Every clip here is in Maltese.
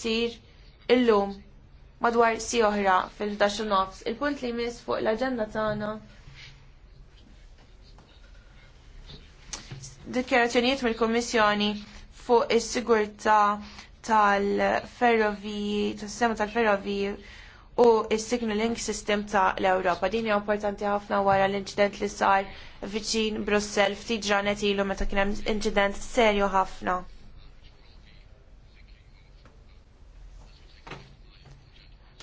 ssir illum madwar si oħra fil-11 nofs. Il-punt li jmiss fuq l-aġenda tagħna dikjarazzjonijiet mill-Kummissjoni fuq is-sigurtà tal-ferroviji, tas-sistema tal-ferroviji u s signaling system ta' l Din hija importanti ħafna wara l-inċident li sar viċin Brussel ftit ġranet ilu meta kien hemm inċident serju ħafna.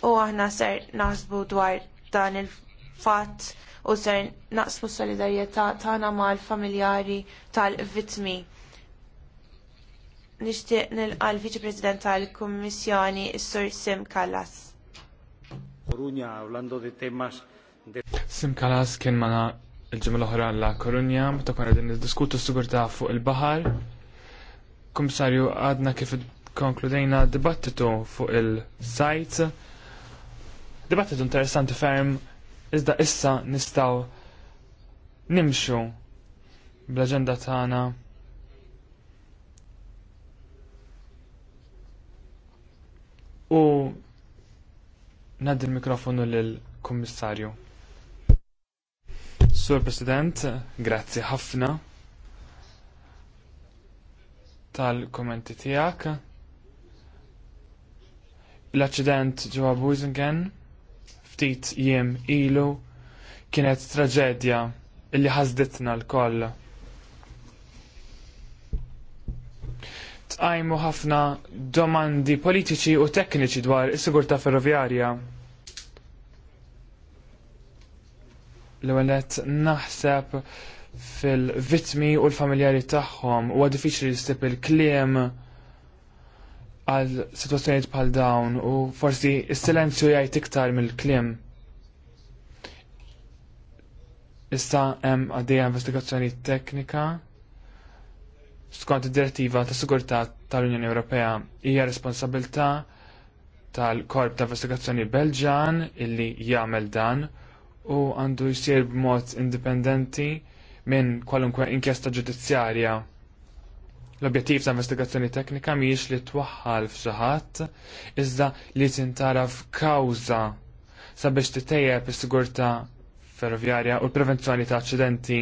u aħna ser naħsbu dwar dan il-fatt u ser naqsmu solidarjetà tagħna mal-familjari tal-vittmi. Nixtieq nilqal viċi President tal-Kummissjoni Sur Sim Kallas. Sim Kallas kien mana il-ġimgħa l-oħra la Korunja meta konna qegħdin diskutu s-sigurtà fuq il-baħar. Komissarju għadna kif konkludejna dibattitu fuq il-sajt Dibattitu interessanti ferm, iżda issa nistaw nimxu bl-agenda tagħna. U nad il-mikrofonu lill-Kummissarju. Sur President, grazzi ħafna tal-kommenti tiegħek. L-aċċident ġewwa Buisingen ftit jiem ilu kienet traġedja illi ħazditna l-koll. Tqajmu ħafna domandi politiċi u tekniċi dwar is-sigurtà ferroviarja. L-ewwel naħseb fil-vitmi u l-familjari tagħhom huwa diffiċli jistib il-kliem għal situazzjoniet bħal dawn u forsi s silenzju jgħid iktar mill-kliem. Issa hemm għaddejja investigazzjoni teknika skont id-direttiva ta' sigurtà tal-Unjoni Ewropea hija responsabilità tal-Korp ta' Investigazzjoni Belġan illi jagħmel dan u għandu jsir b'mod indipendenti minn kwalunkwe inkjesta ġudizzjarja L-objettiv ta' investigazzjoni teknika mhijiex li twaħħal f'xi iżda li tintara f'kawża sabiex titejjeb is-sigurtà ferroviarja u l-prevenzjoni ta' aċċidenti.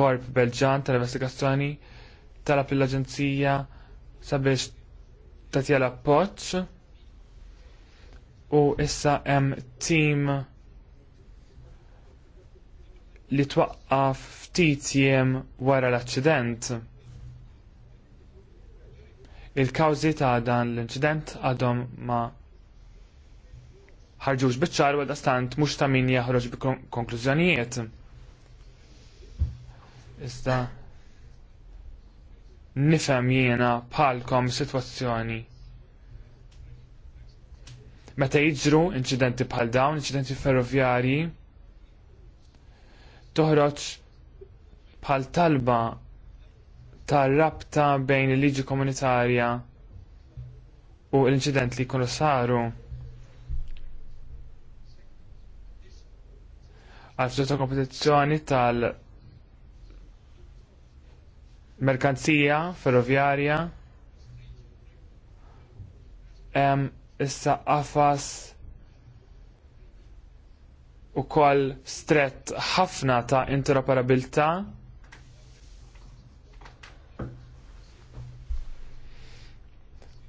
Korp Belġan tal-investigazzjoni talab l-Aġenzija sabiex tatjela poċ u issa hemm tim li twaqqaf ftit jiem wara l-aċċident Il-kawżi ta' dan l-inċident għadhom ma ħarġux biċċar u stant mhux ta' min jaħroġ bi konklużjonijiet. Iżda nifhem jiena bħalkom sitwazzjoni meta jiġru inċidenti bħal dawn, inċidenti ferroviari, toħroġ bħal talba ta' rabta bejn il-liġi komunitarja u l-inċident li jkunu saru. Għal ta' kompetizzjoni tal- merkanzija ferrovjarja hemm issa qafas ukoll strett ħafna ta' interoperabilità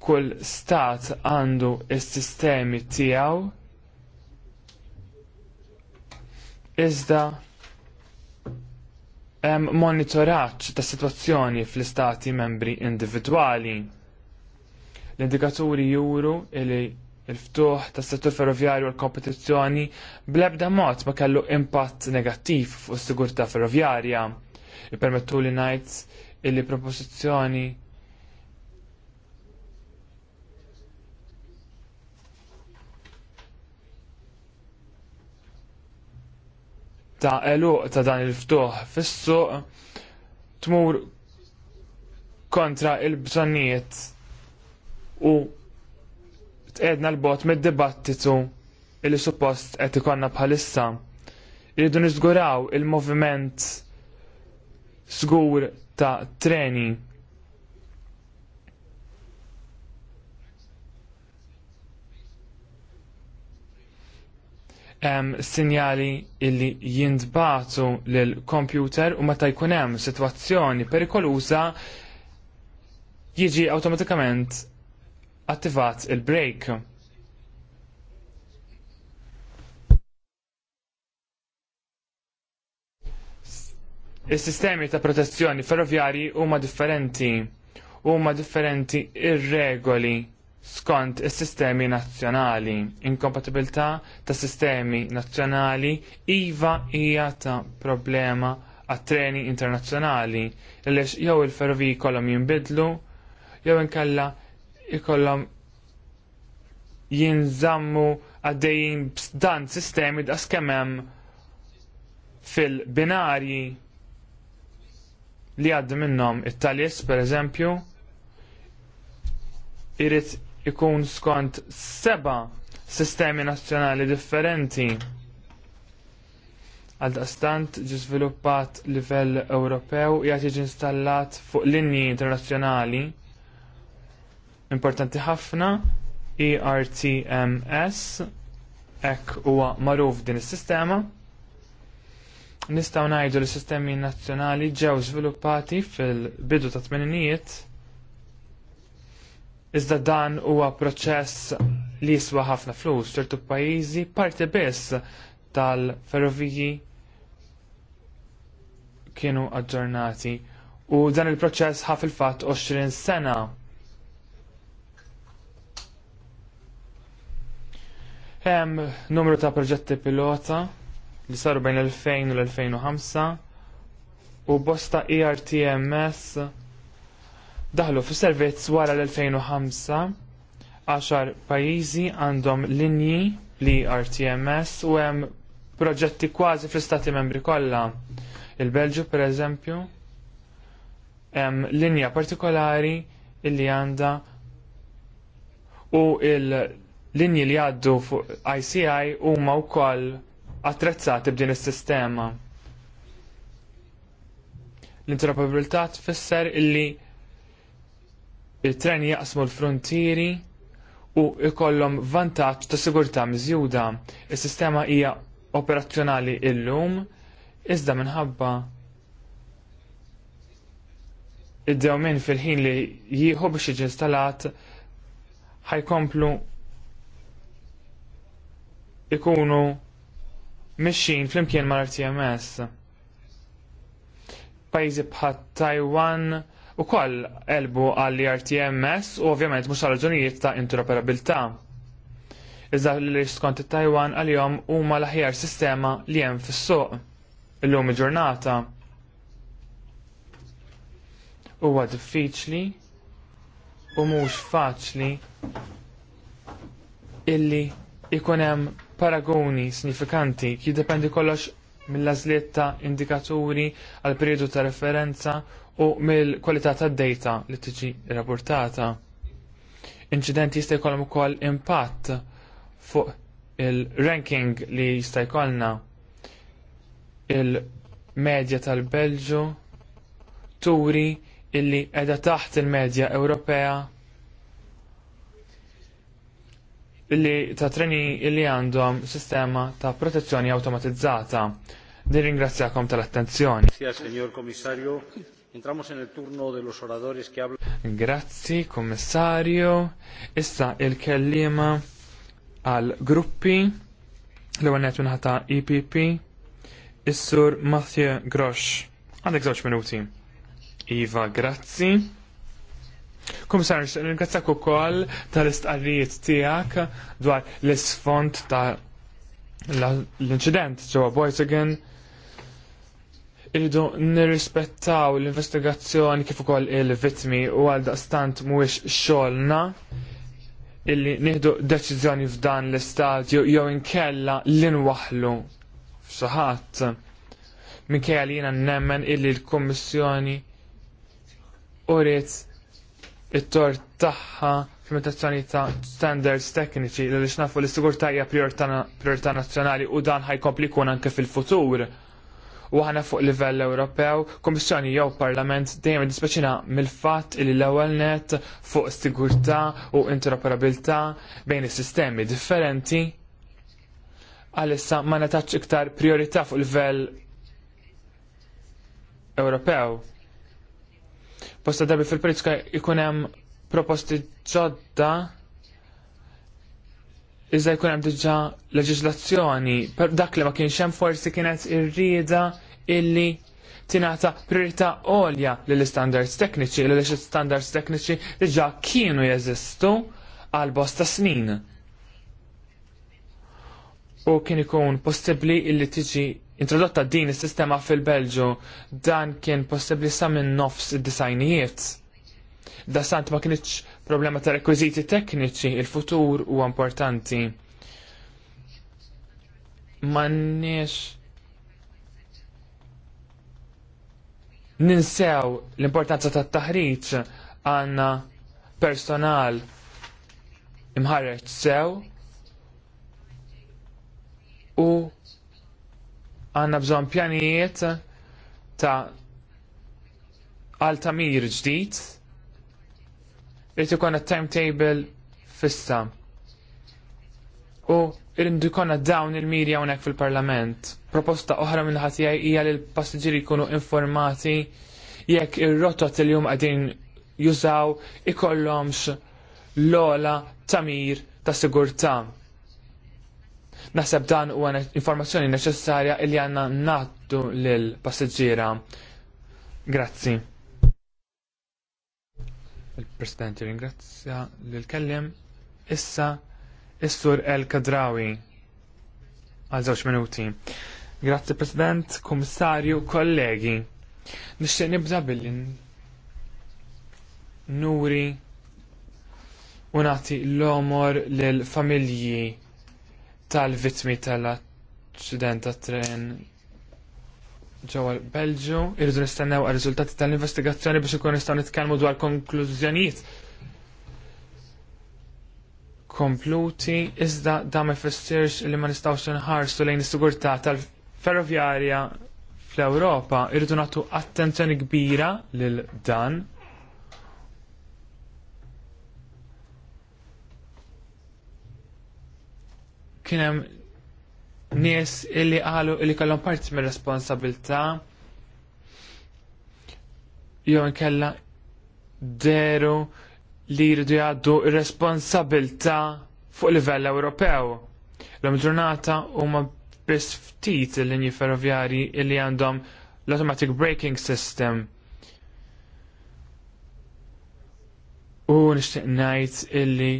kull stat għandu s-sistemi tiegħu iżda hemm monitoraġġ ta' sitwazzjoni fl-istati membri individwali. L-indikaturi juru li l ftuħ tas settur ferroviarju l kompetizzjoni bl-ebda mod ma kellu impatt negattiv fuq is-sigurtà ferroviarja. Ipermettu li ngħid illi propożizzjoni ta' elu ta' dan il-ftuħ fis-suq tmur kontra il-bżonniet u tqedna l-bot mid-dibattitu il suppost qed ikonna bħalissa. Irridu niżguraw il-moviment sgur ta' treni hemm sinjali illi jintbatu lil computer u meta jkun hemm sitwazzjoni perikoluża jiġi awtomatikament attivat il-break. Is-sistemi ta' protezzjoni ferroviari huma differenti, huma differenti ir-regoli skont is-sistemi nazzjonali. Inkompatibilità ta' sistemi nazzjonali iva hija ta' problema għat-treni internazzjonali għaliex jew il ferroviji jkollhom jinbidlu jew inkella jkollhom jinżammu għaddejjin b'dan sistemi da' skemem fil-binarji li għaddu minnom it-talis, per eżempju, irrit ikun skont seba sistemi nazzjonali differenti. Għal daqstant ġi żviluppat livell Ewropew jgħat jiġi installat fuq linji internazzjonali importanti ħafna ERTMS ek huwa magħruf din is-sistema. Nistgħu ngħidu li s sistemi nazzjonali ġew żviluppati fil-bidu ta' tmeninijiet Iżda dan huwa proċess li jiswa ħafna flus, ċertu pajjiżi parti biss tal-ferroviji kienu aġġornati u dan il-proċess ħaf il-fatt 20 sena. Hemm numru ta' proġetti pilota li saru bejn l-2000 u l-2005 u bosta ERTMS daħlu fis servizz wara l-2005 għaxar pajjiżi għandhom linji li RTMS u hemm proġetti kważi fl-istati membri kollha. Il-Belġu pereżempju hemm linja partikolari illi għandha u il-linji li għaddu fuq ICI huma wkoll attrezzati b'din is-sistema. L-interoperabilità tfisser illi il-treni jaqsmu l-frontieri u ikollhom vantaġġ ta' sigurtà miżjuda. Is-sistema hija operazzjonali illum iżda minħabba id-dewmin fil-ħin li jieħu biex jiġi instalat ħajkomplu ikunu mixin flimkien mal-RTMS. Pajjiżi bħat Taiwan, u koll elbu għall rtms u ovvjament mux raġunijiet ta' interoperabilta. Iżda li skont Taiwan għal-jom huma l-aħjar sistema li hemm fis-suq illum il-ġurnata. Huwa diffiċli u mhux faċli illi ikun hemm paragoni sinifikanti jiddependi kollox mill-għażliet indikaturi għal periodu ta' referenza u mill-kwalità tad-data li tiġi rapportata. Inċidenti jista' jkollhom ukoll impatt fuq il-ranking li jista' jkollna il-medja tal-Belġu turi illi qiegħda taħt il-medja Ewropea illi ta' treni illi għandhom sistema ta' protezzjoni awtomatizzata. Din ringrazzjakom tal-attenzjoni. Signor Entramos en el turno de los oradores que hablan. Grazzi, kommissarju. Issa il-kellima għal gruppi l-għanet unħata EPP. Is-sur Matthew Grosh. Għandek żewġ minuti. Iva, grazzi. Komissarju, ringrazzjak ukoll tal-istqarrijiet tiegħek dwar l-isfond ta' l-inċident ġewwa Boysigan. Idu nirrispettaw l-investigazzjoni kif ukoll il-vitmi u għal daqstant mhuwiex xogħolna illi nieħdu deċiżjoni f'dan l-istadju jew inkella l-inwaħlu f'saħat. Minkejja li jiena nemmen illi l-Kummissjoni uriet it tor tagħha implementazzjoni ta' standards tekniċi li nafu li s-sigurta hija priorità nazzjonali u dan ħajkompli jkun anke fil-futur u aħna fuq livell Ewropew, Kummissjoni jew Parlament dejjem dispaċina mill-fatt li l-ewwel net fuq sigurtà u interoperabilità bejn is-sistemi differenti għalissa ma nataċ iktar priorità fuq livell Ewropew. Posta darbi fil-politika jkun hemm proposti ġodda iżda jkun hemm diġà leġiżlazzjoni per dak li ma kienx hemm forsi kienet irrieda illi tingħata priorità għolja lill istandards tekniċi li l standards tekniċi diġà kienu jeżistu għal bosta snin. U kien ikun possibbli illi tiġi introdotta din is-sistema fil-Belġu dan kien possibbli sa minn nofs id-disajnijiet. Da sant ma kienx problema ta' rekwiziti tekniċi, il-futur huwa importanti. Mannix ninsew l-importanza ta' taħriġ għanna personal imħarreċ sew u għanna bżon pjanijiet ta' tamir ġdijt Rrit ikon timetable fissa. U rridu ikonna dawn il-mirja unek fil-parlament. Proposta oħra minn ħatijaj hija li l-passiġiri jkunu informati jekk ir-rotot li jum għadin jużaw ikollhomx l-ola tamir ta' sigurtà. Naseb dan huwa informazzjoni neċessarja li għandna nattu lill passiġġiera. Grazzi. Il-President ringrazzja l-kellim issa Is-Sur El Kadrawi għal żewġ minuti. Grazzi President, Kummissarju, kollegi. Nixtieq nibda billi nuri u nagħti l-omor lill familji tal-vittmi tal-aċċident tat-tren ġewwa l-Belġu, irridu nistennew għar-riżultati tal-investigazzjoni biex ikun nistgħu nitkellmu dwar konklużjonijiet kompluti iżda da ma li ma nistgħux nħarsu lejn is-sigurtà tal-ferrovjarja fl-Ewropa irridu nagħtu attenzjoni kbira lil dan kien hemm nies illi qalu illi kellhom parti mir responsabilità jew inkella deru li jridu jgħaddu responsabilità fuq livell Ewropew. L-om ġurnata huma biss ftit il-linji ferroviari illi għandhom l-automatic braking system. U nixtieq ngħid illi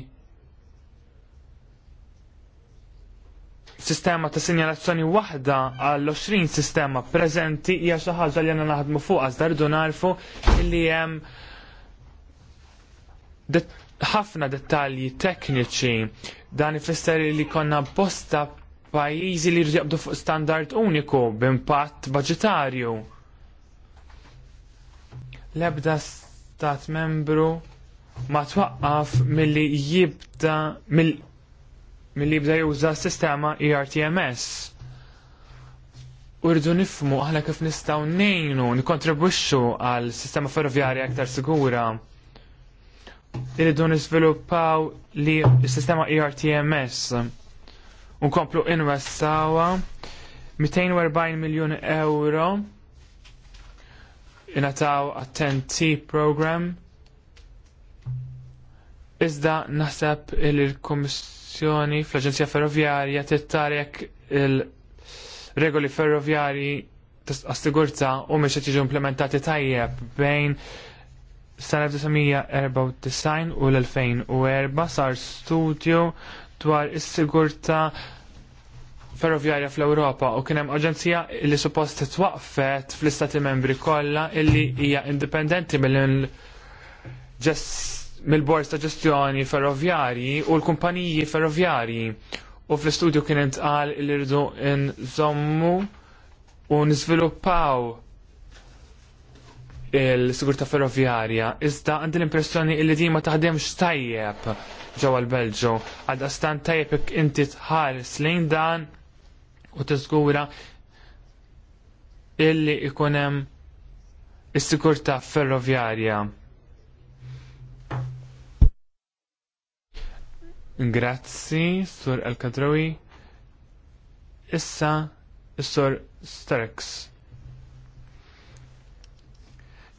sistema ta' sinjalazzjoni waħda għall-20 sistema preżenti hija xi ħaġa li għandna naħdmu fuq iżda rridu narfu li hemm ħafna dettalji tekniċi dan ifisser li konna bosta pajjiżi li jabdu fuq standard uniku b'impatt budgetarju. L-ebda stat membru ma twaqqaf milli jibda mill mill-li bda juża s-sistema ERTMS. U rridu nifmu aħna kif nistgħu ngħinu nikkontribwixxu għal sistema ferroviarja aktar sigura. Irridu nisviluppaw li s-sistema ERTMS. nkomplu inwessawa 240 miljun euro inataw attenti program Iżda naħseb il l-Komissjoni fl-Aġenzija Ferrovjarja tittarek il-regoli ferrovjarji ta' sigurta u miex qed implementati tajjeb bejn sal-1994 u l-2004 sar studju dwar is-sigurta ferrovjarja fl-Ewropa u kien hemm aġenzija li suppost twaqqfet fl-istati membri kollha illi hija indipendenti mill-ġess mill-bord ta' ġestjoni ferroviari u l-kumpaniji ferroviari u fl-istudju kien intqal li rridu nżommu u nżviluppaw il-sigurta ferroviarja, iżda għandi l-impressjoni li di ma taħdemx tajjeb ġewwa l-Belġu, għadda stan tajjeb inti tħares lejn dan u tiżgura illi ikun hemm is-sigurta ferroviarja. Grazzi, Sur El-Kadrawi. Issa, Sur Starex.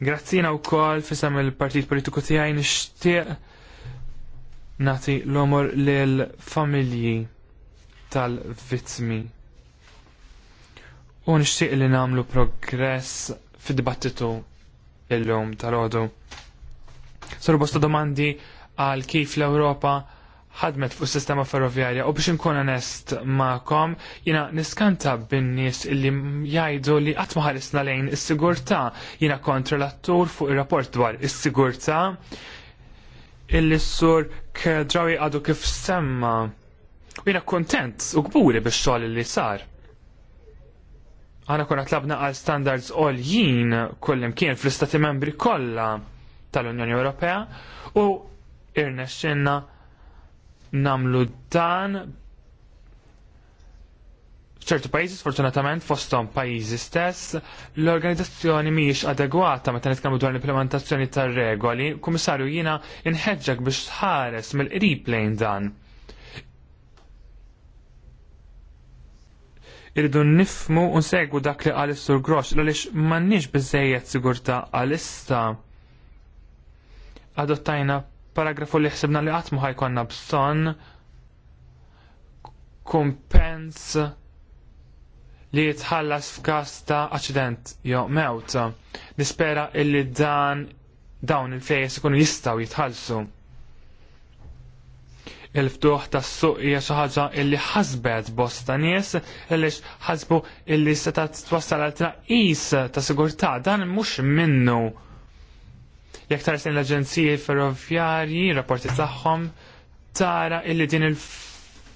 Grazzi u kol fissam il-Partit Politiku tijaj nishtiq nati l omur l-familji tal-vittmi. U nishtiq li namlu progress fid-dibattitu il-lum tal-ħodu. Sur bosta domandi għal kif l-Europa ħadmet fuq sistema ferroviarja u biex inkun onest ma'kom, jina niskanta bin-nies illi jgħidu li qatt ma ħarisna lejn is-sigurtà, jina kontra l-attur fuq ir-rapport dwar is-sigurtà illi s-sur kedrawi għadu kif semma. U jina kontent u kburi biex xogħol li sar. Għana kuna tlabna għal standards all jien kullim kien fl-istati membri kollha tal-Unjoni Ewropea u irnexxinna namlu dan ċertu pajjiżi sfortunatament fosthom pajjiżi stess l-organizzazzjoni mhijiex adegwata meta nitkellmu dwar l-implementazzjoni tar-regoli, kummissarju jiena inħeġġek biex tħares mill-qrib lejn dan. Irridu nifmu u nsegwu dak li għal sur grox għaliex m'għandniex biżejjed sigurtà għalissa adottajna paragrafu li ħsibna li għatmu ħajkonna bżon kumpens li jitħallas f'kas ta' aċident jew mewt. Nispera illi dan dawn il-flejjes ikunu jistaw jitħallsu. Il-ftuħ tas suq hija xi ħaġa illi ħasbet bosta nies għaliex ħasbu illi se twassal għal tnaqqis ta' sigurtà dan mhux minnu Jekk tarsen l-aġenziji Ferrovjarji, rapporti tagħhom, tara illi din il-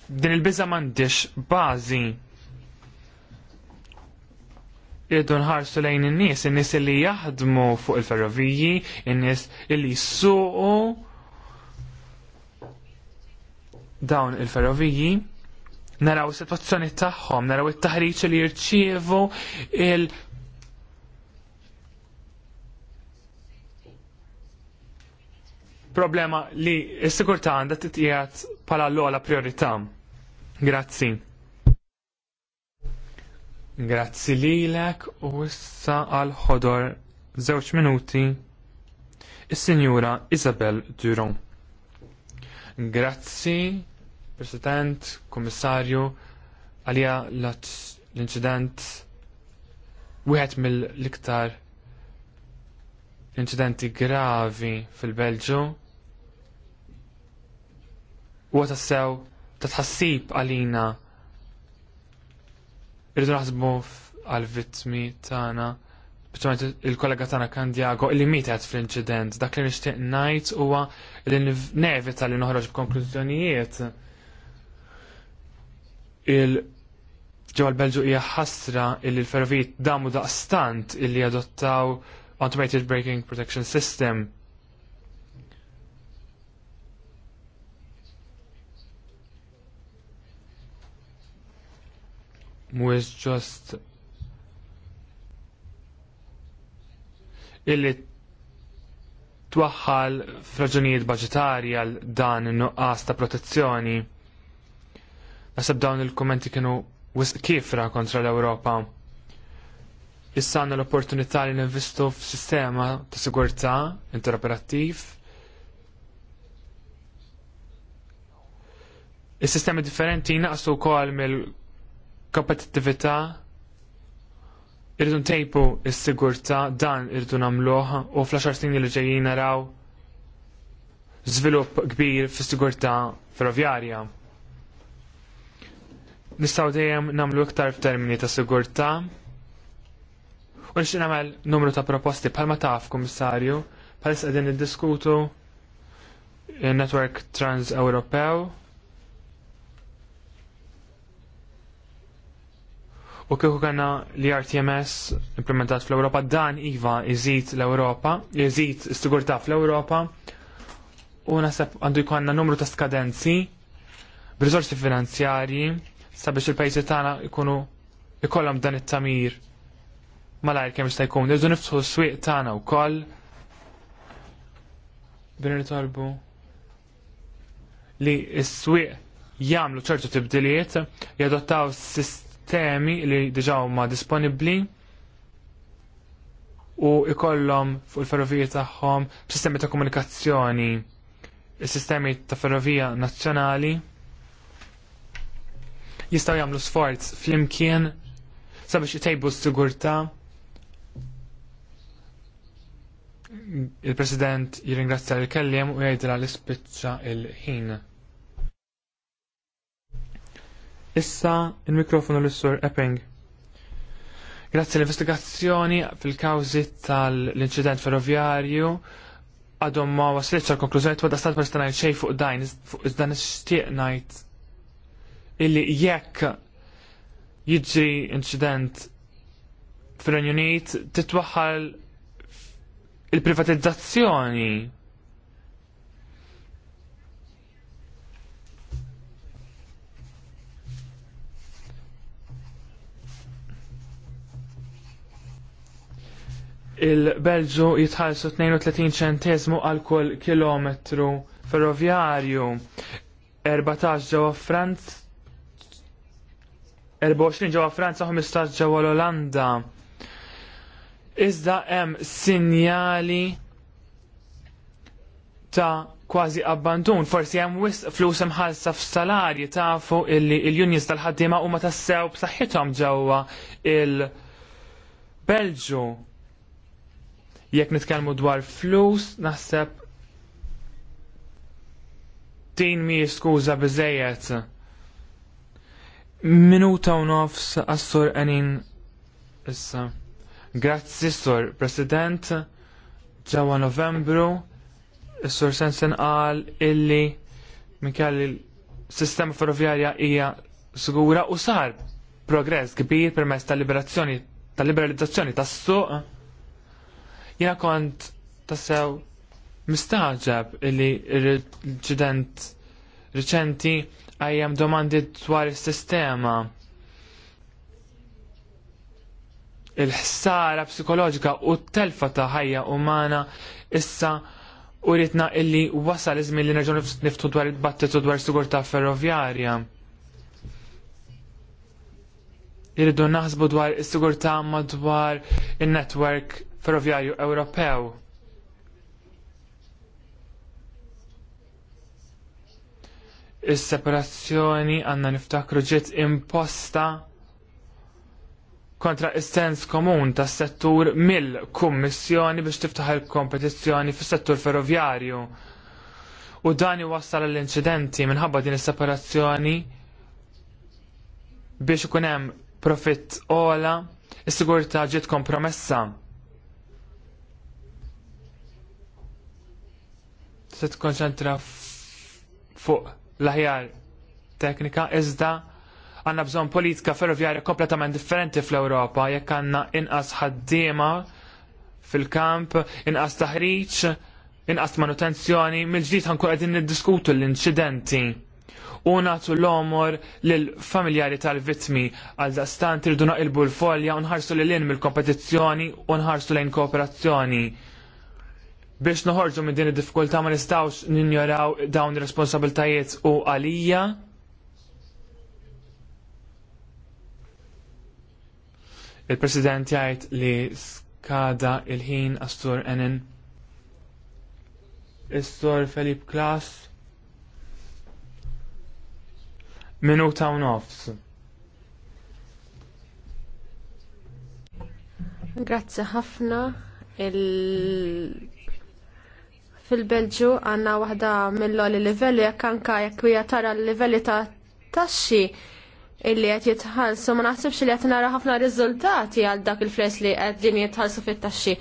din il-biża m'għandix bażi. Irridu nħarsu lejn in-nies, in-nies illi jaħdmu fuq il-ferroviji, in-nies illi jissuqu dawn il-ferroviji naraw is-sitwazzjoni tagħhom, naraw it-taħriġ li jirċievu il problema li s-sikurta għandha titqiegħed bħala l-ogħla priorità. Grazzi. Grazzi lilek u issa għal ħodor żewġ minuti is-Sinjura Isabel Duron. Grazzi, President, Kommissarju, għalija l-incident wieħed mill-iktar incidenti gravi fil-Belġu u tassew ta' tħassib għalina rridu naħsbu għal-vittmi tagħna il-kollega tagħna Diago li mietet fl-inċident dak li nixtieq ngħid huwa li nevita li noħroġ b'konklużjonijiet il ġewwa l-Belġu hija ħasra illi l-ferrovijiet damu daqstant illi adottaw automated braking protection system mhuwiex ġost illi twaħħal f'raġunijiet budġetarji għal dan in-nuqqas ta' protezzjoni. Nasab dawn il-kommenti kienu wisq kifra kontra l-Ewropa. Issa għandna l-opportunità li f f'sistema ta' sigurtà interoperattiv. Is-sistemi differenti naqsu wkoll mill kompetittività irridu ntejpu s-sigurtà dan irridu nagħmluh u fl għaxar snin li ġejjin naraw żvilupp kbir fis-sigurtà ferroviarja. Nistgħu dejjem nagħmlu iktar f'termini ta' sigurtà u nixtieq nagħmel numru ta' proposti bħalma taf, Kummissarju, bħalissa qegħdin niddiskutu il-Network Trans-Ewropew U kieku kanna li RTMS implementat fl-Europa dan iva iżid l-Europa, iżid s sigurta fl-Europa u nasab għandu jkollna numru ta' skadenzi b'rizorsi finanzjarji sabiex il-pajjiżi tagħna jkunu ikollhom dan it-tamir malajr kemm jista' jkun. Irdu niftħu s-swieq tagħna wkoll bin nitolbu li s-swieq jagħmlu ċertu tibdiliet, jadottaw sistema temi li diġa huma disponibbli u ikollhom fuq il-ferrovija tagħhom b'sistemi ta' komunikazzjoni is-sistemi ta' ferrovija nazzjonali jistgħu jagħmlu sforz flimkien sabiex itejbu s-sigurtà il-President jirringrazzja l-kellem u jgħidra l-ispiċċa il-ħin. Issa il-mikrofonu l-Sur Epping. Grazzi l-investigazzjoni fil-kawzi tal-inċident ferroviarju għadhom ma waslitx għal konklużjoni wadda stat per stanajt xej fuq dajn, fuq dan ixtieq ngħid illi jekk jiġri inċident fil-Unit titwaħħal il-privatizzazzjoni il-Belġu jitħallsu 32 ċentesmu għal kull kilometru ferroviarju, 14 ġewwa Franz 24 ġewwa Franza, 15 ġewwa l-Olanda. Iżda hemm sinjali ta' kważi abbandun, forsi hemm wis flus imħallsa f'salarji tafu illi l unions tal-ħaddiema huma tassew b'saħħithom ġewwa il-Belġu Jekk nitkellmu dwar flus, naħseb din mi skuża biżejjed. Minuta u nofs għas-sur għanin issa. Grazzi sur President, ġewwa Novembru, is-sur Sensen qal illi minkelli l-sistema ferroviarja hija sigura u sar progress kbir permezz tal-liberazzjoni tal-liberalizzazzjoni tas-suq Jena kont tassew mistaġab li l ċident reċenti għajjem domandi dwar il-sistema. Il-ħsara psikoloġika u t-telfa ta' ħajja umana issa u rritna illi wasal iżmin li nerġu niftu dwar il-battitu dwar sigurta ferroviarja. Irridu naħsbu dwar is-sigurta madwar il-network ferroviarju Ewropew. Is-separazzjoni għandna niftakru ġiet imposta kontra is-sens komun tas settur mill-kummissjoni biex tiftaħ il-kompetizzjoni fis-settur ferroviarju. U dan iwassal l-inċidenti minħabba din is-separazzjoni biex ikun hemm profitt ola, is-sigurtà ġiet kompromessa. se tkonċentra fuq l-aħjar teknika iżda għanna bżon politika ferroviarja kompletament differenti fl-Europa jekk għanna inqas ħaddiema fil-kamp, inqas taħriġ, inqas manutenzjoni, mill-ġdid ħankun qegħdin niddiskutu l-inċidenti. U nagħtu l-omor lill-familjari tal-vittmi għal daqstant irdu naqilbu l-folja u nħarsu lil lin mill-kompetizzjoni u nħarsu lejn kooperazzjoni biex noħorġu minn din id-diffikultà ma nistgħux ninjoraw dawn ir-responsabiltajiet u għalija. Il-President jgħid li skada il-ħin għas-sur Enen. Is-sur Felip Klas. Minu u nofs. Grazzi ħafna il fil-Belġu għanna waħda mill-loli livelli jekk anka jekk hija tara l-livelli ta' taxxi illi qed jitħallsu ma naħsibx li qed nara ħafna riżultati għal dak il fles li qed din jitħallsu fit-taxxi.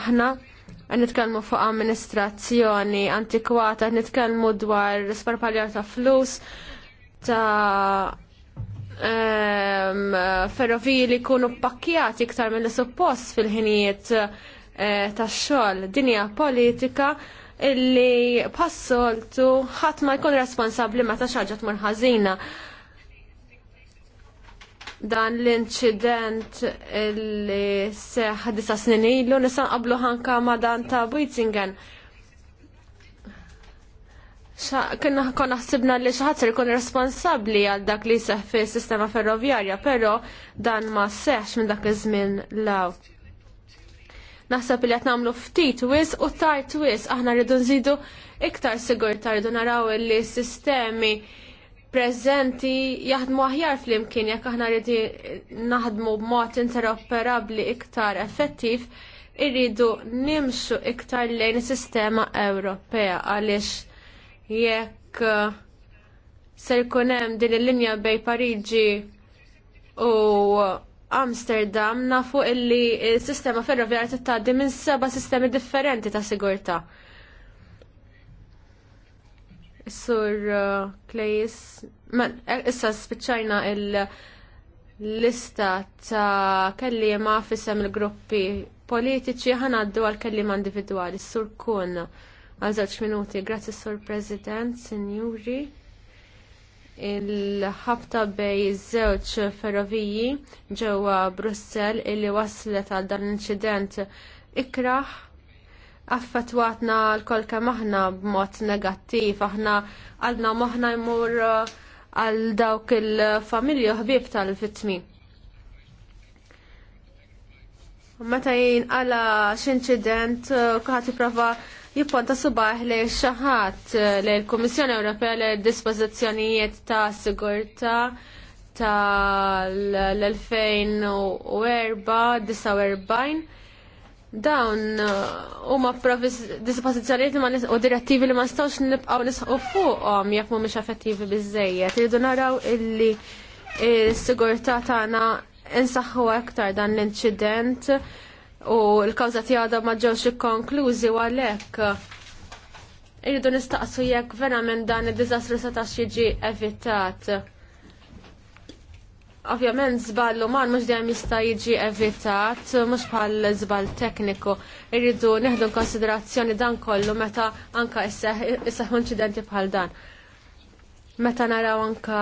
Aħna qed nitkellmu fuq amministrazzjoni antikwata, qed nitkellmu dwar sparpaljar ta' flus ta' ehm, ferroviji li jkunu pakkjati iktar mill-suppost fil-ħinijiet Eh, tax-xogħol dinja politika illi passoltu ħadd ma jkun responsabbli meta ta' ħaġa tmur ħażina. Dan l-inċident illi seħ disa snin ilu nisan qablu ħanka ma dan ta' Buitzingen. Kena kon naħsibna li xaħat ser ikun responsabbli għal dak li seħ fi sistema ferroviarja, però dan ma seħx minn dak iż-żmien law. Naħseb li qed nagħmlu ftit wis u tard wis aħna rridu nżidu iktar sigurtà rridu naraw li s-sistemi preżenti jaħdmu aħjar flimkien jekk aħna rridi naħdmu b'mod interoperabbli iktar effettiv irridu nimxu iktar lejn is-sistema Ewropea għaliex jekk uh, ser jkun hemm din il-linja bejn Pariġi u Amsterdam nafu illi s-sistema ferroviarja tittaddi minn seba' sistemi differenti ta' sigurtà. Sur uh, Klejs, issa spiċċajna il-lista ta' kellima fisem il-gruppi politiċi għaddu għal kellima individwali. Sur Kun, għal żewġ minuti. Grazzi Sur President, Sinjuri il-ħabta bej żewġ ferroviji ġewwa Brussell illi waslet għal dan l-inċident ikraħ affettwatna l-kol kemm aħna b'mod negattiv, aħna għalna moħħna jmur għal dawk il-familji u ħbieb tal-vittmi. Meta jinqala x'inċident, kħati prova jipponta subaħ li xaħat eh, li l-Komissjoni Ewropea li dispożizzjonijiet ta' sigurta l 2004 dawn eh, huma dispożizzjonijiet li u direttivi li ma stawx nibqgħu nisħu fuqhom jekk mhumiex effettivi biżejjed. Irridu naraw illi s-sigurtà tagħna insaħħu aktar dan l-inċident u l-kawza tiegħu ma ġewx ikkonklużi u għalhekk irridu nistaqsu jekk verament dan id-diżastru se tax jiġi evitat. Ovvjament żball uman mhux dejjem jista' jiġi evitat, mhux bħal żball tekniku. Irridu neħdu konsiderazzjoni dan kollu meta anka isseħ inċidenti bħal dan. Meta naraw anka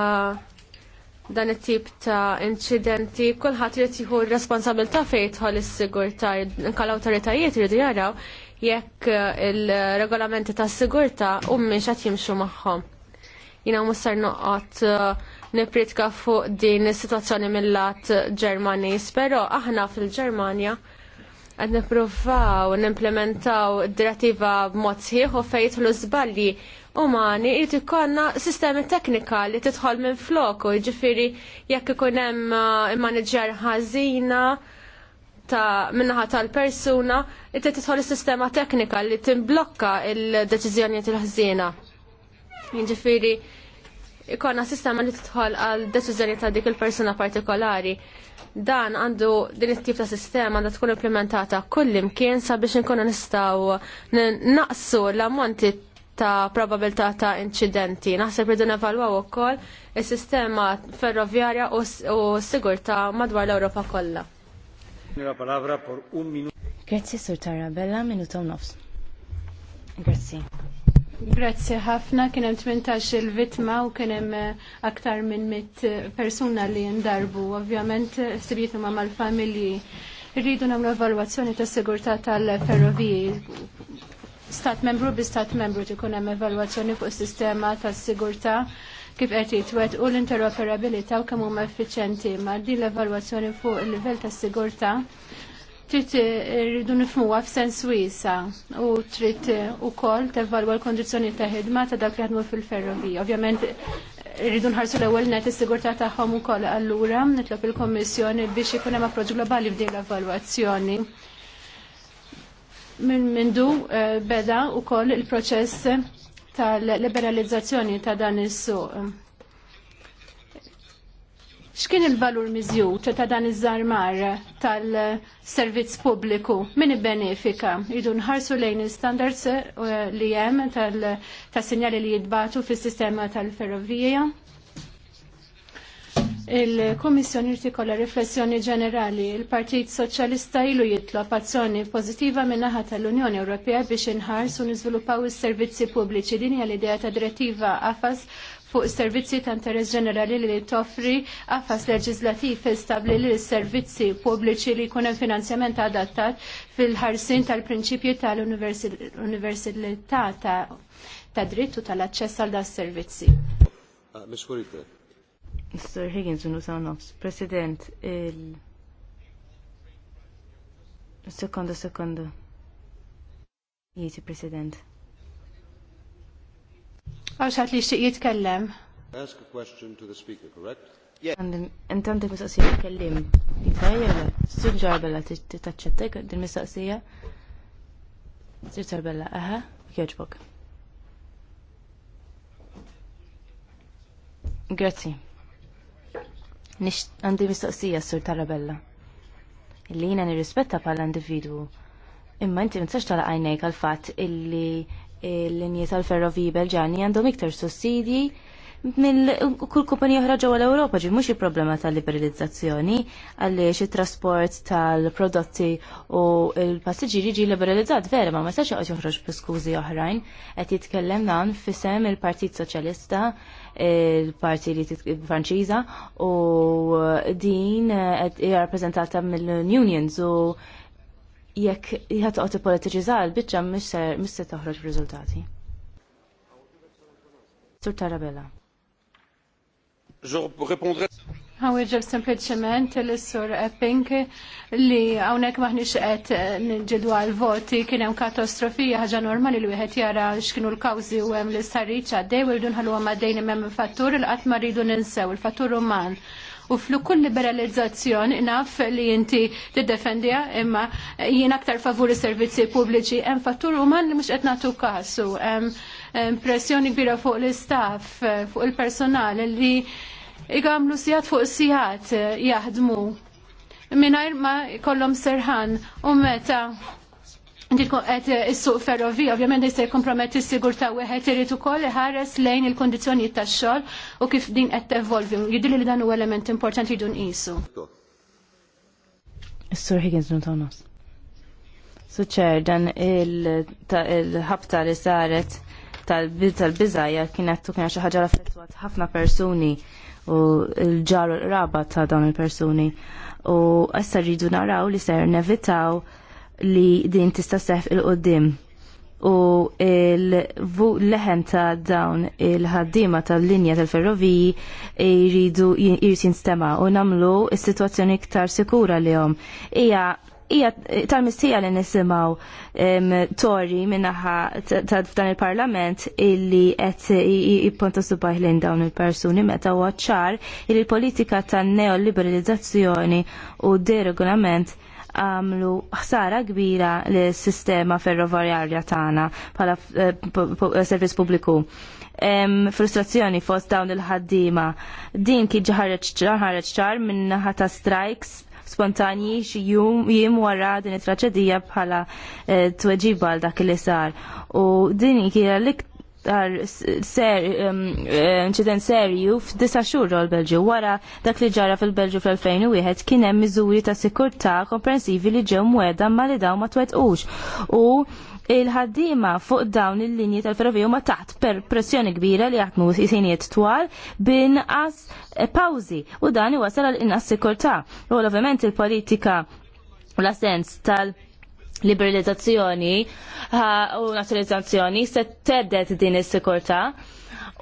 dan it-tip ta' incidenti, kulħadd irid jieħu r-responsabilità fejn jidħol is-sigurtà, l awtoritajiet irid jaraw jekk eh, il-regolamenti tas-sigurtà humiex qed jimxu magħhom. Jiena mhux sar noqgħod eh, nipritka fuq din is-sitwazzjoni mill-lat Ġermaniż, però aħna fil-Ġermanja għad nippruvaw nimplementaw d direttiva b'mod sħiħ u l żbalji umani jrid ikollna sistemi teknika li tidħol minn floku, jiġifieri jekk ikun hemm eh, manager ħażina ta' min-naħa tal-persuna, jrid tidħol is-sistema teknika li timblokka il-deċiżjonijiet il-ħżiena. Jiġifieri ikonna sistema li tidħol għal deċiżjoni ta' dik il-persuna partikolari. Dan għandu din it-tip ta' sistema għandha tkun implementata kullimkien sabiex nkunu nistgħu naqsu l-ammonti ta' probabilità ta' incidenti. Naħseb li nevalwaw ukoll is-sistema ferroviarja u s-sigurtà madwar l-Ewropa kollha. Grazzi Sur Tarabella, minuta u nofs. Grazzi. Grazzi ħafna, kien hemm 18 il-vittma u kien hemm eh, aktar minn mit eh, persuna li ndarbu. Ovvjament eh, sibjiet ma' mal-familji rridu nagħmlu evalwazzjoni tas sigurtà tal-ferroviji stat membru bi stat membru tikun hemm evalwazzjoni fuq is-sistema tas-sigurtà kif qed jitwet u l-interoperabilità u kemm huma effiċjenti ma' din l-evalwazzjoni fuq il-livell tas-sigurtà trid irridu nifmuha f'sens wiesa u trid ukoll tevalwa l-kondizzjoni ta' ħidma ta' dak li jaħdmu fil-ferrovija. Ovvjament rridu nħarsu l-ewwel net is-sigurtà tagħhom ukoll allura nitlob il-Kommissjoni biex ikun hemm approċċ globali f'din l-evalwazzjoni minn mindu eh, beda u koll il-proċess tal-liberalizzazzjoni ta' dan is-suq. X'kien il-valur miżjut ta' dan iż-żarmar tal-servizz pubbliku? Min ibbenefika? Irdu nħarsu lejn standards eh, li hemm tas-sinjali li jitbatu fis-sistema tal-ferrovija? Il-Komissjoni rtikola riflessjoni ġenerali, il-Partit Soċjalista ilu jitlob azzjoni pozitiva minnaħa tal-Unjoni Ewropea biex inħarsu niżviluppaw is-servizzi pubbliċi. Din hija l-idea ta' direttiva AFAS fuq servizzi ta' interess ġenerali li toffri għafas leġislativ stabli li servizzi pubbliċi li jkun hemm finanzjament adattat fil-ħarsin tal-prinċipji tal-universalità ta' drittu tal-aċċess għal da' servizzi. Uh, Mr. Higgins minu sa' nofs. President, il... Sekonda, sekonda. Jieti, President. Għaxħat li xtiq jitkellem. Ask a question to the speaker, correct? Yes. And and then, Inti għandek mistaqsija kellim. Jitkellem jew le? Sir ġarbella taċċettek Mr. Sia. Sir ġarbella, aha, jogħġbok. Grazie. Nix għandi mistoqsija s sur Tarabella. Illi jina nirrispetta pala individwu. Imma inti mtsax tal għajnejk għal-fat illi l-linji tal-ferroviji belġani għandhom iktar sussidji mill-kull kumpanija oħra ġewwa l-Ewropa ġi mhux il-problema tal-liberalizzazzjoni għaliex it-trasport tal-prodotti u l-passiġġieri ġi liberalizzat vera ma ma setax joqgħod joħroġ b'skużi oħrajn qed jitkellem dan f'isem il-Partit Soċjalista il-parti li franċiża u din qed hija rappreżentata mill-unions u jekk qod ippolitiċiżar il-biċċa mis se toħroġ b'riżultati. Sur Tarabella. Għawieġab sempliciment l-sur Epping li għawnek maħnix għet nġidu għal-voti kien hemm katastrofija ħaġa normali li wieħed jara x'kienu l-kawżi u hemm l sarriċ għaddej u rridu nħallu għam għaddejn hemm il-fattur il-qatt ma rridu ninsew il-fattur uman. U flu kull liberalizzazzjoni naf li inti tiddefendija imma jien aktar favuri servizzi pubbliċi hemm fattur uman li mhux qed nagħtu kasu. Pressjoni kbira fuq l-istaff, fuq il-personal li igamlu sijat fuq sijat eh, jaħdmu minajr ma kollom serħan u meta għet eh, is-suq ferrovija, ovvjament jista' jkomprometti s-sigurtà wieħed irid ukoll iħares lejn il kondizjoni tax-xogħol u kif din qed tevolvi. Jidhirli li dan u element importanti jdu nqisu. Is-Sur Higgins Thomas. Suċer dan il-ħabta li saret tal-biżajja kienet tu kien xi ħaġa affettwat ħafna persuni u l-ġar raba ta' dawn il-persuni. U issa rridu naraw li ser nevitaw li din tista' seħf il-qoddim u l-leħen ta' dawn il-ħaddima tal-linja tal-ferroviji jridu stema u namlu il situazzjoni iktar sikura li jom. Ija ija tal-mistija li nisimgħu Tori minnaħa f'dan il-Parlament illi qed jipponta subaħ lejn dawn il-persuni meta huwa ċar li l-politika tan-neoliberalizzazzjoni u deregolament għamlu ħsara kbira l-sistema ferroviarja tagħna bħala eh, eh, servizz pubbliku frustrazzjoni fost dawn il-ħaddima. Din kien ġaħareċ ċar minnaħa ta' strikes spontanji jum jim wara din it-traċedija bħala eh, tweġiba għal dak li sar. U din kiera l-iktar ser, eh, incident serju f'disa xhur għal belġu wara dak li ġara fil-Belġu fl-2001 kien hemm miżuri ta' sikurtà komprensivi li ġew mwedda ma li daw ma twettqux. U il-ħaddima fuq dawn il-linji tal ferroviju ma taħt per pressjoni kbira li jaħdmu sinijiet twal binqas pawzi u dan wasal għal inqas sikurtà. U ovvjament il-politika u l-assens tal- liberalizzazzjoni u nazjonalizzazzjoni se tedet din is-sikurtà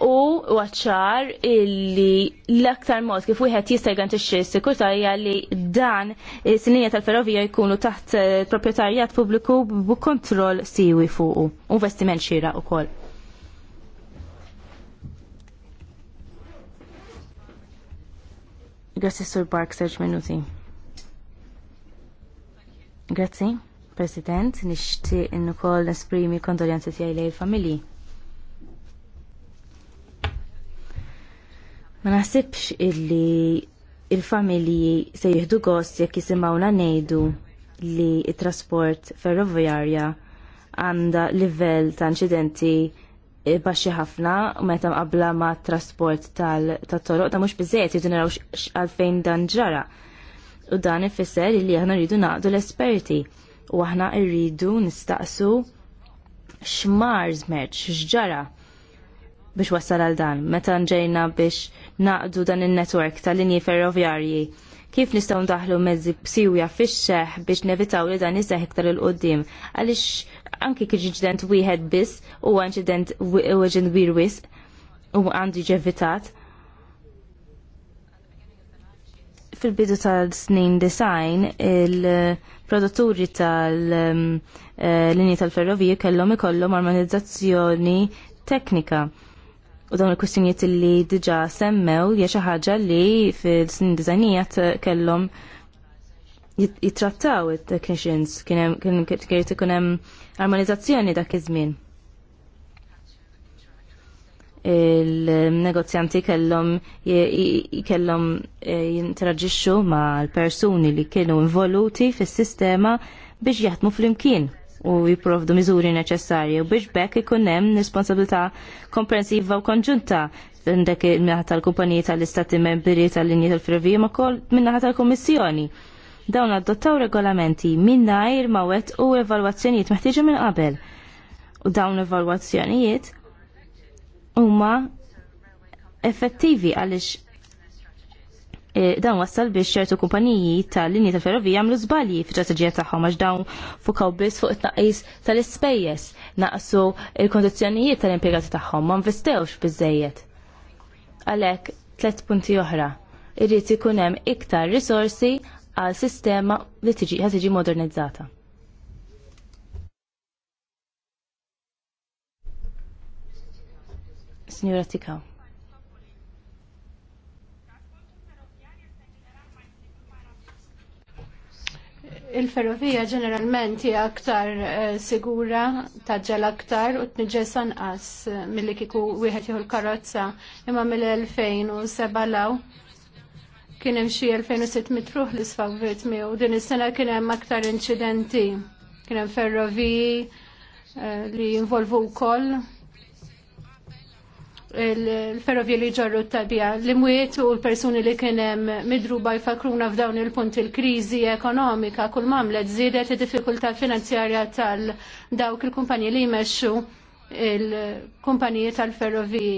u waċċar illi l-aktar mod kif wieħed jista' jgantixxi s-sikurtà hija li dan is-sinija tal-ferrovija jkunu taħt eh, proprjetarjat pubbliku b'kontroll siwi fuqu. Investiment xira wkoll. Grazie, Sur Park, serġ minuti. Grazie, President, nishti in nukoll nesprimi kondoljanzi tijaj lej il-familji. Ma nasibx illi il-familji se jieħdu gost jekk jisimawna ngħidu li t trasport ferroviarja għandha livell ta' incidenti eh, baxi ħafna meta mqabbla ma' trasport tal-toroq ta' mhux biżejjed jiġu naraw għalfejn dan ġara. U dan ifisser li aħna rridu naqdu l-esperti u aħna rridu nistaqsu x'mar żmerġ x'ġara biex wassal għal dan, meta nġejna biex naqdu dan il-network tal-linji ferroviarji kif nistgħu ndaħlu mezzi b'siwja fix-xeħ biex nevitaw li dan jiseħ iktar il qoddim għaliex anki kif inċident wieħed biss huwa inċident weġen kbir wisq u għandu ġevitat. Fil-bidu tal-snin design, il-produtturi tal-linji um, eh, tal-ferrovija kellhom ikollhom armonizzazzjoni teknika u dawn il-kwistjonijiet li diġa semmew hija xi ħaġa li fil-snin dizajnija kellhom jittrattaw it-technicians kien ikun hemm armonizzazzjoni dak iż-żmien. Il-negozjanti kellhom kellhom e, jinteraġixxu ma' l-persuni li kienu involuti fis-sistema biex jaħdmu fl-imkien u jiprovdu miżuri neċessarji u biex bekk ikun hemm responsabilità komprensiva u konġunta għandek minnaħat tal-kumpaniji tal-istati membri tal-linji tal-ferrovija ma kol minnaħat tal-komissjoni. Dawn adottaw regolamenti minnajr ma wet u evalwazzjonijiet meħtieġa minn qabel. U dawn evalwazzjonijiet huma effettivi għaliex Eh, dan wassal biex ċertu kumpaniji tal-linji tal-ferrovija għamlu żbalji fiċ ġategġija tagħhom għax dawn fukaw biss fuq it-tnaqqis tal-ispejjeż naqsu il-kondizzjonijiet tal-impjegati tagħhom ma nvestewx biżejjed. Għalhekk tliet punti oħra. Irrid ikun hemm iktar risorsi għal sistema li tiġi ħa tiġi modernizzata. Signora Tikaw. il-ferrovija ġeneralment hija aktar eh, sigura, taġġel aktar u tniġġes anqas eh, milli kieku wieħed jieħu l-karozza imma mill-2007 law kien hemm xi 2600 truħ li sfaw vittmi u din is-sena kien hemm aktar inċidenti. Kien hemm ferroviji eh, li jinvolvu wkoll il-ferrovja li ġarru t-tabija. L-imwiet u l-personi li kienem midruba jfakruna f'dawn il punt il krizi ekonomika kull mamlet zidet il-difikulta finanzjarja tal-dawk il-kumpanji li jmexxu il-kumpanji tal-ferrovji.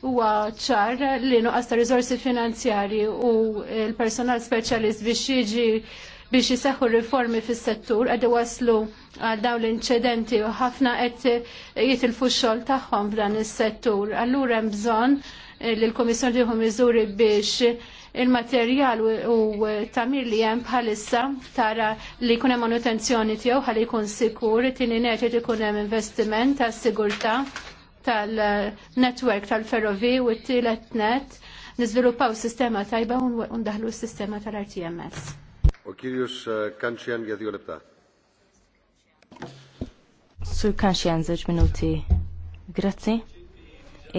Huwa ċar li nuqqas ta' rizorsi finanzjari u l personal speċjalist biex jiġi biex jiseħħu riformi fis-settur qed waslu għal dawn l-inċidenti u ħafna qed jitilfu x-xogħol tagħhom f'dan is-settur. Allura hemm bżonn eh, li l-Komissjoni tieħu miżuri biex il-materjal u tamir li hemm bħalissa tara li jkun hemm manutenzjoni tiegħu ħalli jkun sikur, tini neġed ikun hemm investiment ta' sigurtà tal-netwerk tal-ferrovi u t-tielet net niżviluppaw sistema tajba u daħlu s-sistema tal-RTMS. O kirjus Kanċjan jadju Sur Kanċjan, zeġ minuti. Grazzi.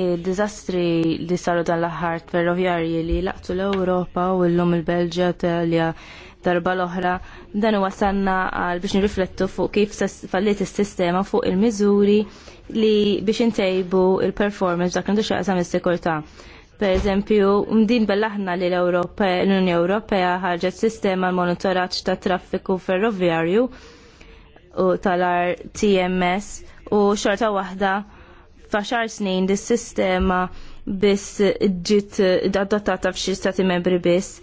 Il-dizastri li saru dan l-aħħar ferroviarji li laqtu l-Ewropa u l-lum il-Belġja, Italja, darba l-oħra, dan huwa sanna għal biex nirriflettu fuq kif falliet is-sistema fuq il-miżuri li biex intejbu il-performance dak għandu xaqsam is-sikurtà. Per eżempju, mdin bellaħna li l-Unjoni Ewropea ħarġet sistema monitoraġġ ta' traffiku ferroviarju u tal-ar TMS u xorta waħda faxar snin dis sistema biss ġit adottata f'xi stati membri biss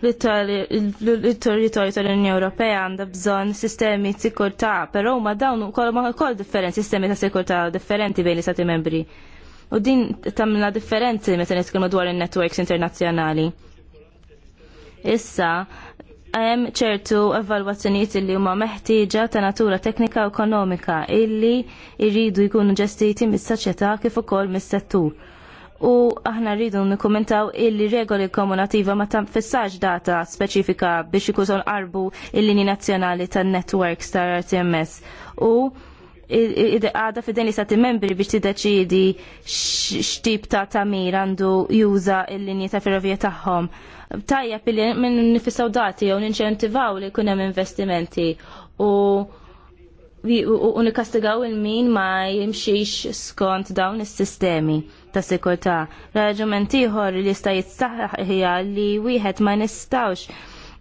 l-territorju tal-Unjoni Ewropea għandha bżonn sistemi ta' sikurtà, però ma dawn ukoll ma differenti, sistemi ta' sikurtà differenti bejn l-istati membri. U din tamna differenzi meta nitkellmu dwar in-networks internazzjonali. Issa, hemm ċertu evalwazzjonijiet li huma meħtieġa ta' natura teknika u ekonomika illi jridu jkunu ġestiti mis-soċjetà kif ukoll mis-settur. U aħna rridu nikkumentaw illi regoli komunativa ma tam fissax data speċifika biex ikun arbu il-linji nazzjonali tan-networks tar-RTMS. U għada fidejn li stati membri biex tiddeċidi x'tip ta' tamir għandu juża l-linji ta' ferrovija tagħhom. Tajja billi minn nifissaw dati jew ninċentivaw li jkun hemm investimenti u u nikastigaw il-min ma jimxiex skont dawn is-sistemi ta' sikurtà. Raġument ieħor li jista' jitsaħħaħ li wieħed ma nistawx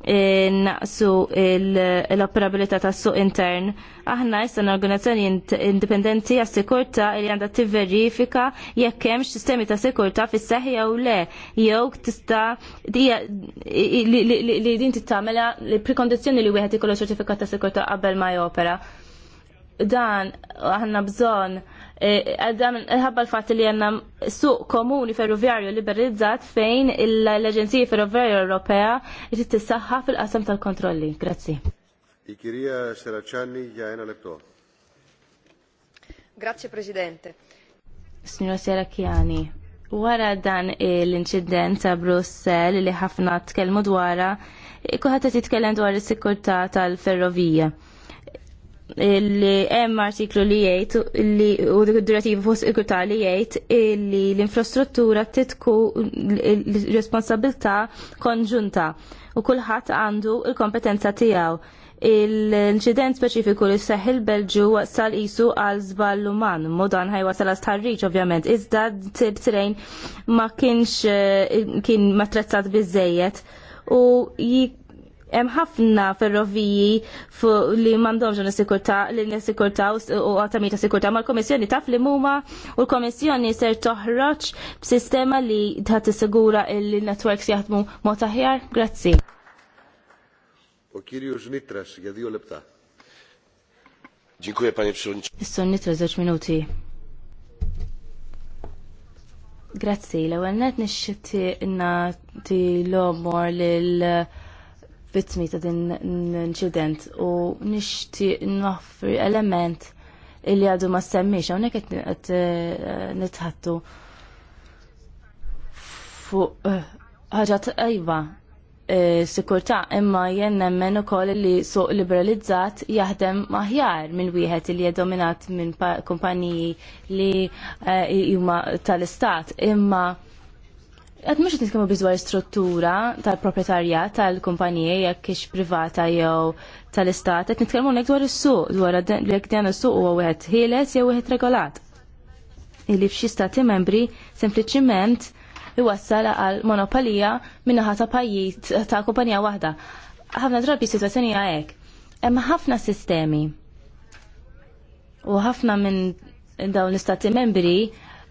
naqsu l-operabilità tas suq intern. Aħna jista' organizzazzjoni indipendenti għas sikurta li għandha tivverifika jekk hemm sistemi ta' sekurta fis seħħ jew le jew tista' li din tittamela li prekondizzjoni li wieħed ikollu ċertifikat ta' sekurta qabel ma jopera. Dan aħna bżonn għaddam ħabba l-fat li għanna suq komuni ferroviarju liberalizzat fejn l-Aġenzija Ferroviarja Ewropea jrid tissaħħa fil-qasam tal-kontrolli. Grazzi. Ikirija Seraċani jgħajna lepto. Grazie Presidente. Signora Serakjani, wara dan l-inċident ta' Brussel li ħafna tkellmu dwara, kuħat titkellem dwar is-sikurtà tal-ferrovija li hemm artiklu li jgħid li u dik id-direttiva fuq sikurtà li jgħid li l-infrastruttura titku l responsabilità konġunta u kulħadd għandu l-kompetenza tiegħu. L-inċident speċifiku li seħ il-Belġu sal isu għal żball uman, modan ħajwa sal starriċ ovvjament, iżda t-trejn ma kienx eh, kien matrezzat biżejjed u jik Hemm ħafna ferroviji li m'għandhomx sikurtà li nisikurtà u għatamita sikurtà mal-Komissjoni taf li huma u l-Komissjoni ser toħroġ b'sistema li ta' tissigura il-networks jaħdmu mod aħjar. Grazzi. U kirju Nitras, jadiju lebta. Dziękuję panie przewodniczący. Isson Nitras, minuti. Grazzi, l-ewwel net nixxiti nagħti l-omor lil vittmi ta' din l-inċident u nixtieq noffri element illi għadu ma semmix hawnhekk qed eh, nitħattu fuq eh, ħaġa tajba eh, sikurtà imma jien nemmen ukoll li suq liberalizzat jaħdem maħjar minn wieħed li dominat minn kumpaniji li huma tal-istat imma Għad mux nitkemmu bizwar struttura tal-proprietarja tal-kumpanija jekk ix privata jew tal-istat, qed nitkellmu nek dwar is-suq, dwar jekk dan is-suq huwa wieħed ħieles jew wieħed regolat. Illi f'xi stati membri sempliciment iwassal għal monopolija minna ħata pajjiż ta' kumpanija waħda. Ħafna drabi situazzjoni hekk. Hemm ħafna sistemi u ħafna minn dawn l-istati membri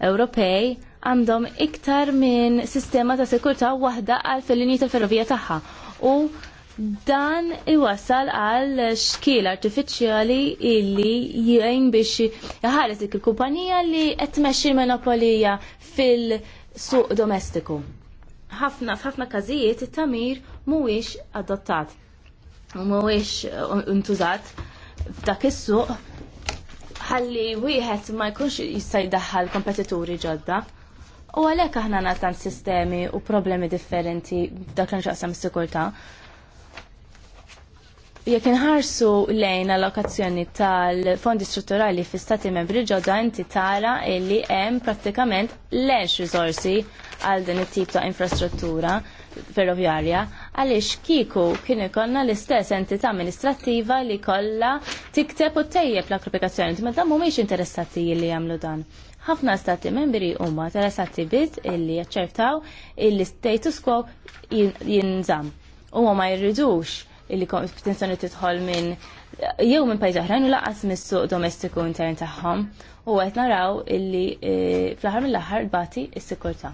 Ewropej għandhom iktar minn sistema ta' sekurta waħda għal fil-linji tal-ferrovija tagħha. U dan iwassal għal xkiel artifiċjali illi jgħin biex jħares dik il-kumpanija li qed tmexxi monopolija fil-suq domestiku. Ħafna f'ħafna każijiet it-tamir mhuwiex adottat u mhuwiex uh, intużat f'dak is-suq ħalli wieħed ma jkunx jista' jdaħħal kompetituri ġodda. U għalhekk aħna nagħtan sistemi u problemi differenti dak li nxaqsam is sikurta Jekk inħarsu lejn allokazzjoni tal-fondi strutturali fi stati membri ġodda inti tara li hemm prattikament lex risorsi għal din it-tip ta' infrastruttura ferroviarja għaliex kiku kien ikollna l-istess entità amministrattiva li kollha tikteb u tejjeb l-applikazzjoni. Ma dan mhumiex interessati li jagħmlu dan ħafna stati membri huma interessati bid illi jaċċertaw il-status quo jinżam. U ma jirridux illi tensjoni tidħol minn jew minn pajjiż oħrajn u laqas mis-suq domestiku intern tagħhom u qed naraw illi e, fl-aħħar mill-aħħar bati s-sikurtà.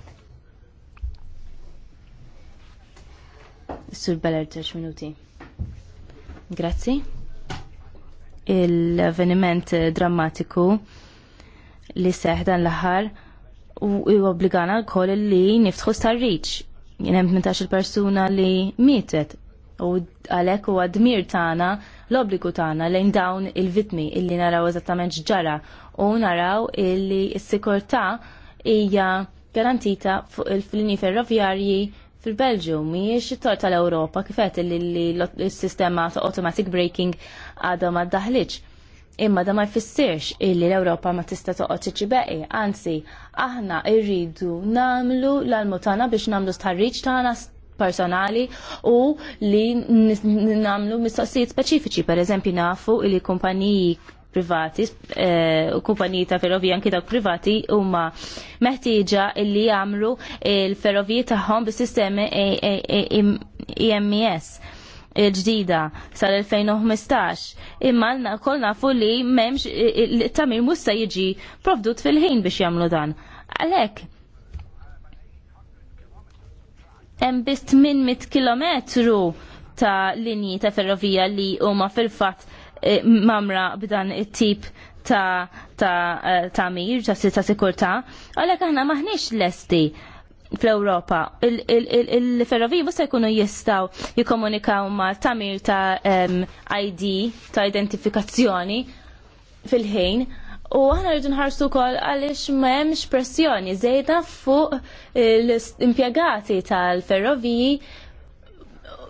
Sur Beller 3 minuti. Grazzi. Il-avveniment drammatiku li seħ dan l-aħħar u obbligana wkoll li niftħu star-riċ. Jien hemm il-persuna li mietet u għalhekk huwa dmir tagħna l-obbligu tagħna lejn dawn il-vitmi illi naraw eżattament x'ġara u naraw illi s-sikurtà hija garantita fuq il-linji ferroviarji fil belġu miex it-tor tal-Ewropa kifet li l-sistema ta' automatic braking għadha ma daħliġ Imma da ma jfissirx illi l-Ewropa ma tista' toqgħod beqi, anzi aħna rridu namlu l-almutana biex namlu stħarriġ tagħna personali u li namlu mistoqsijiet speċifiċi, per eżempju nafu li kumpaniji privati, u eh, kumpaniji ta' ferrovija anki dawk privati huma meħtieġa li jagħmlu l ferroviji tagħhom bis-sistemi EMS il ġdida sal-2015 imma l-nakol nafu li memx il-tamir musta jiġi provdut fil-ħin biex jamlu dan. Għalek, hemm biss mit kilometru ta' linji ta' ferrovija li huma fil-fatt eh, mamra b'dan it-tip ta' ta' eh, ta' mir, ta' sikurta, għalek aħna maħniex lesti fl-Europa. Il-ferroviji musa jkunu jistaw jikomunikaw ma tamir ta' ID, ta' identifikazzjoni fil-ħin. U għana rridu nħarsu kol għalix memx pressjoni zejda fuq l-impiegati tal-ferroviji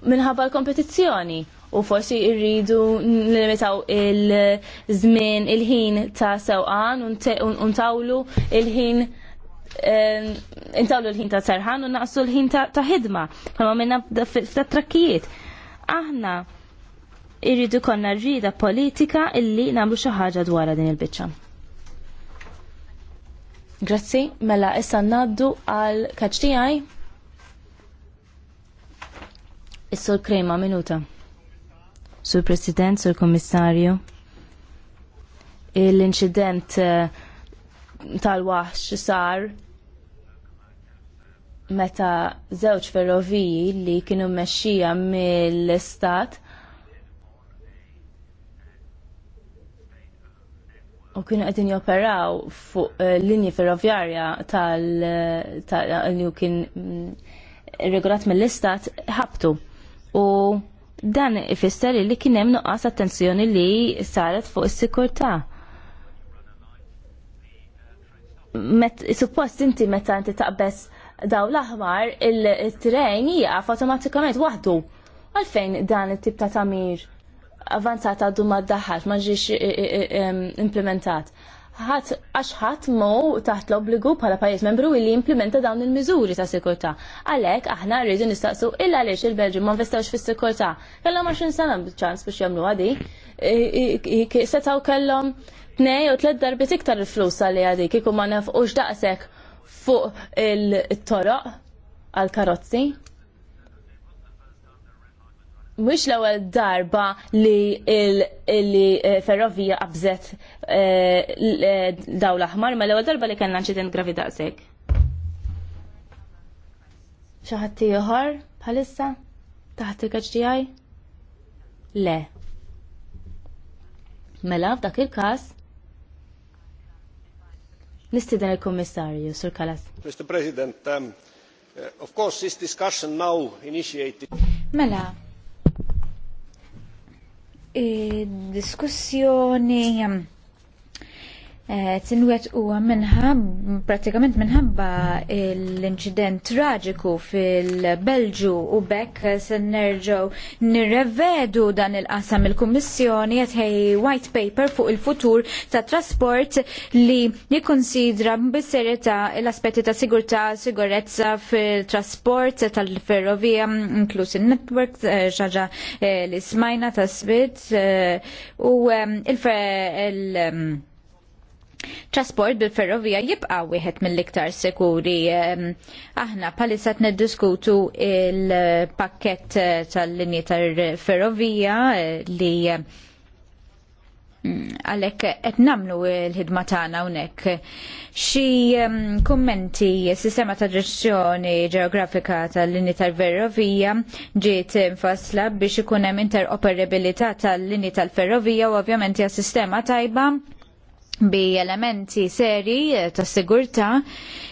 minħabba l-kompetizzjoni u forsi irridu nilimitaw il-żmien il-ħin ta' sewqan un tawlu il-ħin il ħin ta sewqan un tawlu il ħin intawlu l-ħin ta' sarħan u naqsu l-ħin ta' ħidma. Palma minna f'ta' trakkijiet. Aħna irridu konna rrida politika illi namlu xi ħaġa dwar din il-biċċa. Grazzi, mela issa naddu għal kaċtijaj. Is-sol krema minuta. Sur President, Sur Kommissarju. L-inċident eh, tal-waħx sar meta żewġ ferroviji li kienu mmexxija mill-istat u kienu qegħdin joperaw fuq eh, linji ferrovjarja tal li kien mm, regolat mill-istat ħabtu. U dan ifisser li kien hemm nuqqas attenzjoni li saret fuq is-sikurtà. Met, suppost inti meta inti taqbess daw l-aħmar il-trejn jieqaf automatikament waħdu. Għalfejn dan it-tip ta' tamir avanzat għaddu ma d-daħħax, ma ġiex e, e, e, implementat. Ħadd għax ħadd taħt l obligu bħala pajjiż membru li jimplementa dawn il-miżuri ta' sikurtà. Għalhekk aħna rridu nistaqsu il għaliex il-Belġium ma investawx fis-sikurtà. Kellhom għaxrin sena ċans biex jamlu għadi, setgħu kellhom tnej u 3 darbit iktar il-flus għalli għadi kieku ma nafqux daqshekk fuq il-toroq għal-karozzi. Mux l ewwel darba li il-ferrovija eh, qabżet eh, eh, dawla l-aħmar, ma l ewwel darba li kellna nċident gravi daqsek. ħadd ieħor bħalissa? Taħt il Le. Mela f'dak il-każ Nistiden il-Kommissarju, Sur Kalas. Mr. President, um, uh, of course this discussion now initiated. Mela, e, diskussjoni um, Eh, tinwet u minħabba, pratikament minħabba l-inċident traġiku fil-Belġu u bekk se nerġaw nirrevedu dan il-qasam il-Kummissjoni qed ħej white paper fuq il-futur ta' trasport li jikkonsidra bis-serjetà l-aspetti ta' sigurtà, sigurezza fil-trasport tal-ferrovija inklus eh, eh, il network xaġa l-ismajna ta' sbit u il- trasport bil-ferrovija jibqa' wieħed mill-iktar sikuri. Aħna palissa niddiskutu il-pakket eh, tal-linji tal-ferrovija eh, li mm, għalek qed namlu l-ħidma tagħna hawnhekk. Xi kummenti s-sistema ta' ġestjoni ġeografika tal-linji tal-ferrovija ġiet infasla biex ikun hemm interoperabilità tal-linji tal-ferrovija u ovvjament hija sistema tajba bi elementi seri eh, ta' sigurta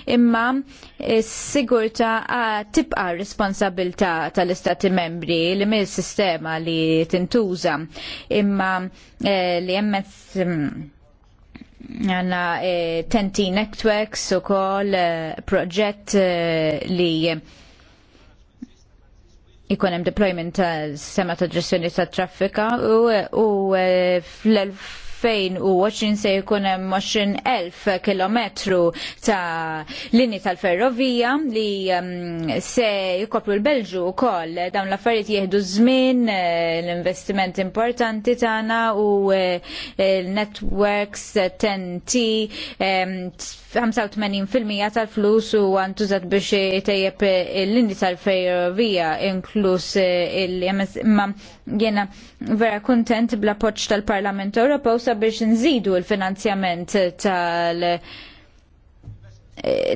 imma s-sigurtà eh, ah, tibqa responsabilità tal-istati membri li mill sistema li tintuża imma eh, li jemmet mm, għanna tenti networks u kol proġett li ikun hemm deployment ta' sistema ta' ġestjoni ta' traffika u, u fl Fejn u 2020 se jkun hemm 20,000 kilometru ta' linji tal-ferrovija li um, se jkopru l-Belġu wkoll dawn l-affarijiet jieħdu żmien eh, l-investiment importanti tagħna u l-networks TNT 85% tal-flus u għantużat biex tejjeb l-linji tal-ferrovija inkluż il-imma Jena vera kuntent bla poċ tal-Parlament Ewropew sabiex nżidu l-finanzjament tal-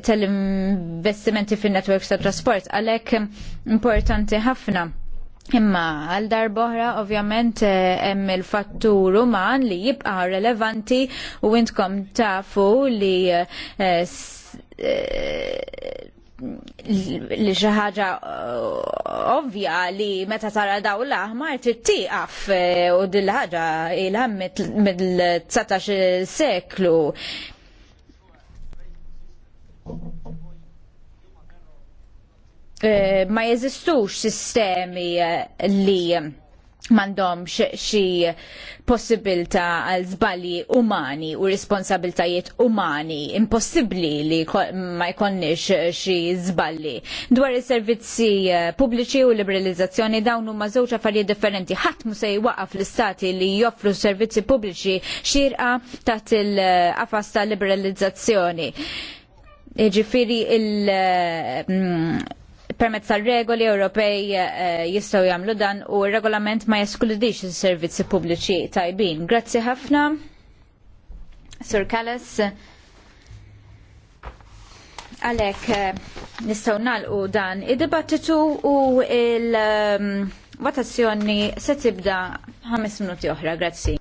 tal-investimenti fin-networks tat trasport għalhekk importanti ħafna. Imma għal darboħra ovvjament hemm il fattu uman li jibqa' relevanti u intkom tafu li eh, eh, li xi ħaġa uh, ovvja li meta tara daw l-aħmar tittieqaf uh, u din ħaġa ilha mill-19 seklu. Uh, ma jeżistux sistemi li mandomx xi possibilità għal żbalji umani u responsabiltajiet umani. Impossibbli li ma jkollniex xi żbalji. Dwar is-servizzi eh, pubbliċi u liberalizzazzjoni dawn huma żewġ affarijiet differenti. Ħadd mhux se jwaqaf l-istati li joffru servizzi pubbliċi xirqa taħt il-qafas ta' liberalizzazzjoni. Ġifiri il- eh, mm, permezz tal-regoli Ewropej eh, jistgħu jagħmlu dan u r-regolament ma jeskludix is-servizzi pubbliċi tajbin. Grazzi ħafna. Sur Kallas. Għalhekk eh, nistgħu nagħlqu dan id-dibattitu u il- ehm, votazzjoni se tibda ħames minuti oħra, grazzi.